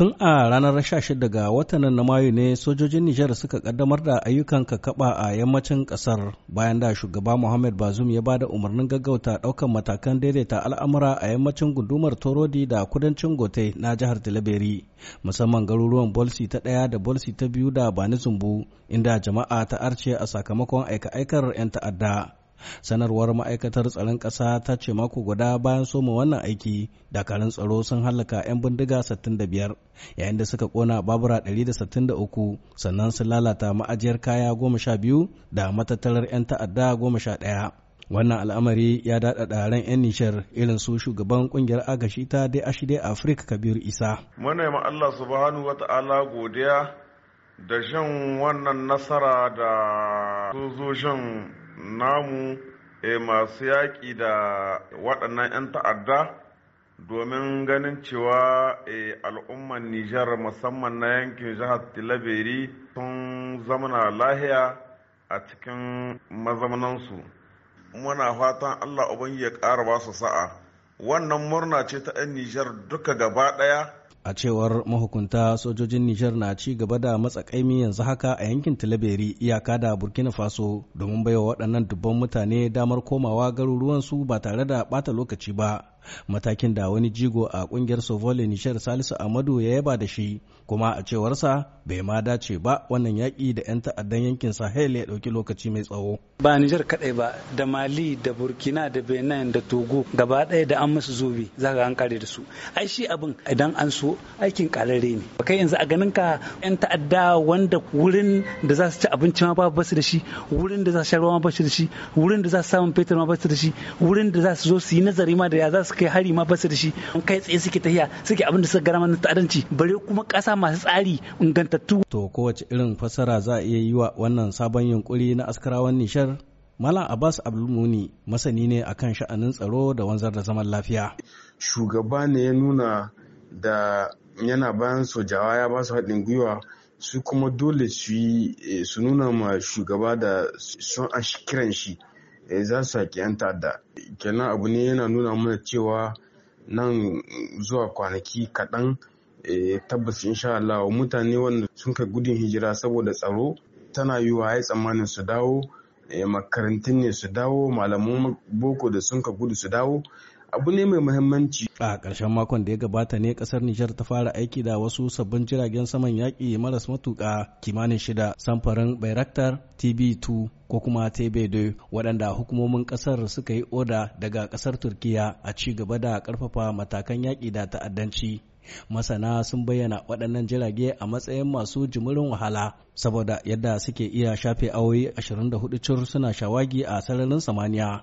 Tun a ranar 16 ga watan na Mayu ne sojojin Nijar suka kaddamar da ayyukan kakaba a yammacin kasar bayan da shugaba Muhammad Bazum ya bada umarnin gaggauta daukan matakan daidaita al'amura a yammacin gundumar Torodi da kudancin Gote na jihar Tilaberi musamman garuruwan Bolsi ta ɗaya da Bolsi ta biyu da Bani Zumbu inda jama'a ta arce a sakamakon aika-aikar 'yan ta'adda. sanarwar ma'aikatar tsaron ƙasa ta ce mako guda bayan soma wannan aiki dakarun tsaro sun hallaka 'yan bindiga 65 yayin da suka kona babura 163 sannan sun lalata ma'ajiyar kaya 12 da matattarar 'yan ta'adda 11 wannan al'amari ya daɗaɗa ran 'yan nishar irin su shugaban kungiyar agashi ta dai dai afirka kabiru isa manema allah subhanahu wa ta'ala godiya da shan wannan nasara da sojojin namu e masu yaƙi da waɗannan 'yan ta'adda domin ganin cewa e eh, al'ummar nijar musamman na yankin jihar tilaberi sun zamana lahiya a cikin mazanansu. muna fatan allah ubangi ya ƙara ba su sa'a wannan murna ce ta 'yan nijar duka gaba ɗaya a cewar mahukunta sojojin Nijar na ci gaba da matsakaimi yanzu haka a yankin Tilaberi iyaka da Burkina Faso domin baiwa waɗannan dubban mutane damar komawa garuruwansu ba tare da ɓata lokaci ba. matakin da wani jigo a kungiyar sovole nishar salisu amadu ya yaba da shi kuma a cewarsa bai ma dace ba wannan yaƙi da 'yan ta'addan yankin sahel ya ɗauki lokaci mai tsawo ba nijar kaɗai ba da mali da burkina da benin da togo gaba ɗaya da an musu zobe za ka an kare da su ai shi abin idan an so aikin kararre ne kai yanzu a ganin ka 'yan ta'adda wanda wurin da za su ci abinci ma ba su da shi wurin da za su sha ruwa ma ba su da shi wurin da za su samun fetur ma ba su da shi wurin da za su zo su yi nazari ma da ya za su kai hari ma basu da shi kai tsaye suke tahiya suke abin da suka gara mana ta'addanci bare kuma ƙasa masu tsari ingantattu to kowace irin fassara za a iya yi wa wannan sabon yunkuri na askarawan nishar Malam Abbas Abdulmuni masani ne akan sha'anin tsaro da wanzar da zaman lafiya. Shugaba ne ya nuna da yana bayan sojawa ya ba su haɗin gwiwa su kuma dole su eh, nuna ma shugaba da sun shi kiran shi za su haƙi 'yan ta'adda kenan abu ne yana nuna mana cewa nan zuwa kwanaki kaɗan eh, tabbas insha Allah mutane wanda sun kai gudun hijira saboda tsaro tana yiwuwa ya tsammanin su dawo eh, makarantun ne su dawo malaman boko da sun ka gudu su dawo abu ne mai muhimmanci. A ƙarshen makon da ya gabata ne ƙasar Nijar ta fara aiki da wasu sabbin jiragen saman yaƙi maras matuƙa kimanin shida samfarin Bayraktar TB2 ko kuma TB2 waɗanda hukumomin ƙasar suka yi oda daga ƙasar Turkiya a ci gaba da ƙarfafa matakan yaƙi da ta'addanci. Masana sun bayyana waɗannan jirage a matsayin masu jimurin wahala saboda yadda suke iya shafe awoyi 24 cur suna shawagi a sararin samaniya.